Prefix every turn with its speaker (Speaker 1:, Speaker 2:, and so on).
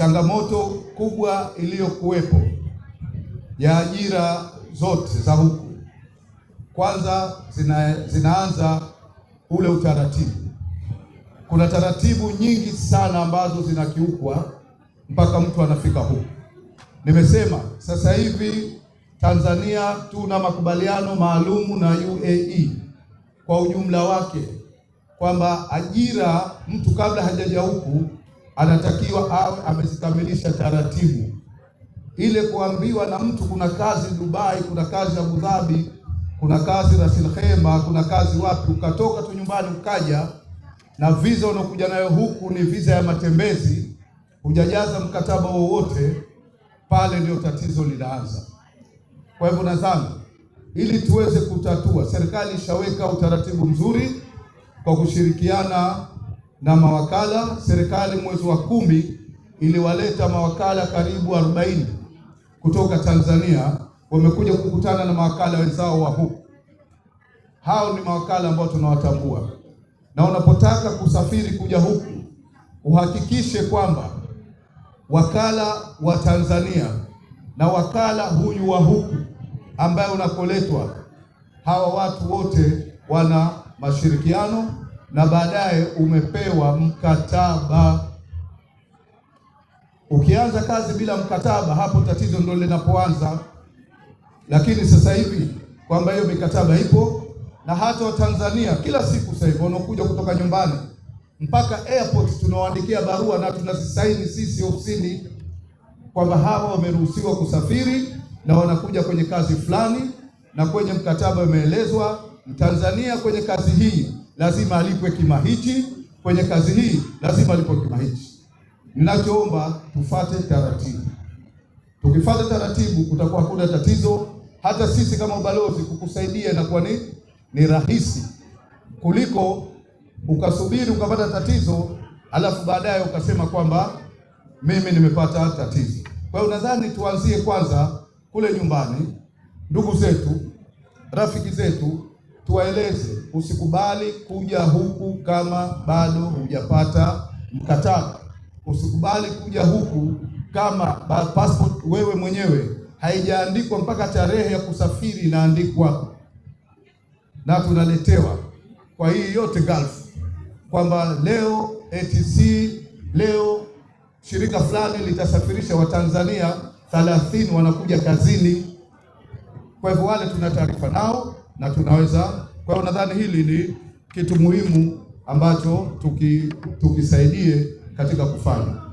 Speaker 1: changamoto kubwa iliyokuwepo ya ajira zote za huku, kwanza zina, zinaanza ule utaratibu. Kuna taratibu nyingi sana ambazo zinakiukwa mpaka mtu anafika huku. Nimesema sasa hivi Tanzania tuna makubaliano maalumu na UAE kwa ujumla wake kwamba ajira mtu kabla hajaja huku anatakiwa awe amezikamilisha taratibu. Ile kuambiwa na mtu kuna kazi Dubai, kuna kazi Abu Dhabi, kuna kazi Ras el Khaimah, kuna kazi wapi, ukatoka tu nyumbani ukaja na visa unaokuja nayo huku ni visa ya matembezi, hujajaza mkataba wowote pale, ndio tatizo linaanza. Kwa hivyo nadhani ili tuweze kutatua, serikali ishaweka utaratibu mzuri kwa kushirikiana na mawakala. Serikali mwezi wa kumi iliwaleta mawakala karibu 40 kutoka Tanzania, wamekuja kukutana na mawakala wenzao wa huku. Hao ni mawakala ambao tunawatambua, na unapotaka kusafiri kuja huku uhakikishe kwamba wakala wa Tanzania na wakala huyu wa huku ambaye unakoletwa, hawa watu wote wana mashirikiano na baadaye umepewa mkataba. Ukianza kazi bila mkataba, hapo tatizo ndio linapoanza. Lakini sasa hivi kwamba hiyo mikataba ipo na hata Watanzania kila siku sasa hivi wanaokuja kutoka nyumbani mpaka airport tunawaandikia barua na tunazisaini sisi ofisini kwamba hawa wameruhusiwa kusafiri na wanakuja kwenye kazi fulani, na kwenye mkataba umeelezwa Mtanzania kwenye kazi hii lazima alipwe kima hichi, kwenye kazi hii lazima alipwe kima hichi. Ninachoomba tufate taratibu. Tukifata taratibu, kutakuwa hakuna tatizo hata sisi kama ubalozi kukusaidia inakuwa ni ni rahisi kuliko ukasubiri ukapata tatizo alafu baadaye ukasema kwamba mimi nimepata tatizo. Kwa hiyo nadhani tuanzie kwanza kule nyumbani, ndugu zetu, rafiki zetu tuwaeleze, usikubali kuja huku kama bado hujapata mkataba. Usikubali kuja huku kama passport wewe mwenyewe haijaandikwa, mpaka tarehe ya kusafiri inaandikwa na tunaletewa. Kwa hii yote Gulf, kwamba leo ATC leo shirika fulani litasafirisha Watanzania 30 wanakuja kazini. Kwa hivyo wale tuna taarifa nao na tunaweza. Kwa hiyo nadhani hili ni kitu muhimu ambacho tuki, tukisaidie katika kufanya